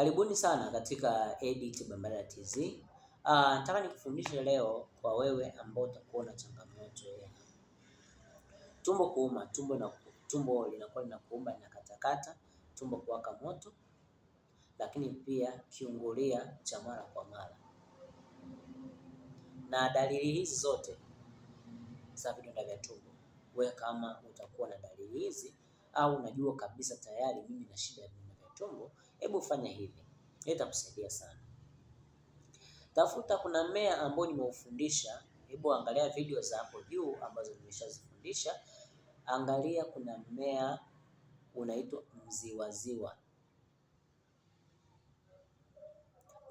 Karibuni sana katika Edit Bambara TZ. Uh, ah, nataka nikufundishe leo kwa wewe ambao utakuwa na changamoto ya tumbo kuuma, tumbo na tumbo linakuwa linakuumba na katakata, tumbo kuwaka moto, lakini pia kiungulia cha mara kwa mara. Na dalili hizi zote za vidonda vya tumbo, wewe kama utakuwa na dalili hizi au unajua kabisa tayari mimi na shida ya vidonda vya tumbo Hebu fanya hivi, itakusaidia sana. Tafuta, kuna mmea ambao nimeufundisha. Hebu angalia video za hapo juu ambazo nimeshazifundisha. Angalia, kuna mmea unaitwa mziwaziwa,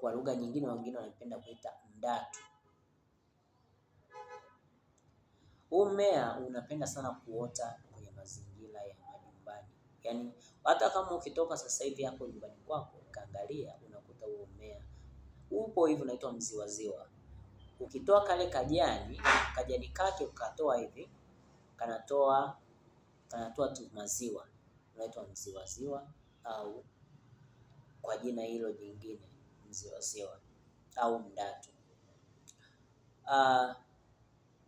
kwa lugha nyingine wengine wanapenda kuita mdatu. Huu mmea unapenda sana kuota Yaani hata kama ukitoka sasa hivi hapo nyumbani kwako ukaangalia, unakuta huo mmea upo hivi, unaitwa mziwaziwa. Ukitoa kale kajani kajani kake ukatoa hivi, kanatoa kanatoa tu maziwa, unaitwa mziwaziwa au kwa jina hilo jingine mziwaziwa au mdatu. Uh,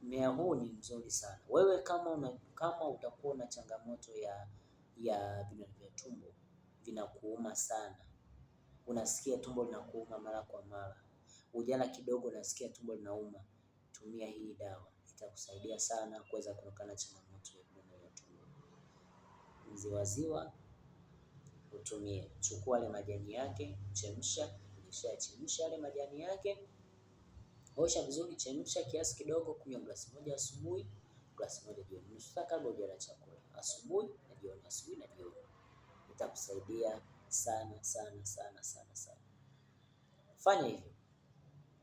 mmea huu ni mzuri sana. Wewe kama una, kama utakuwa na changamoto ya ya vidonda vya tumbo vinakuuma sana, unasikia tumbo linakuuma mara kwa mara, ujana kidogo unasikia tumbo linauma, tumia hii dawa, itakusaidia sana kuweza kuondokana changamoto ya vidonda vya tumbo. Mziwaziwa utumie, chukua yale majani yake, chemsha. Ukishachemsha yale majani yake, osha vizuri, chemsha kiasi kidogo, kunywa glasi moja asubuhi, glasi moja jioni, nusu saa kabla hujala chakula, asubuhi unajiona sijui na itakusaidia sana sana sana sana sana. Fanya hivyo,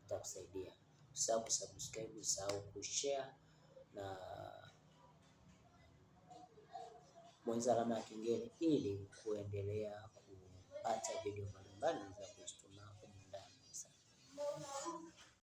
itakusaidia. Usahau kusubscribe, usahau kushare na mwenza alama ya kengele ili kuendelea kupata video mbalimbali za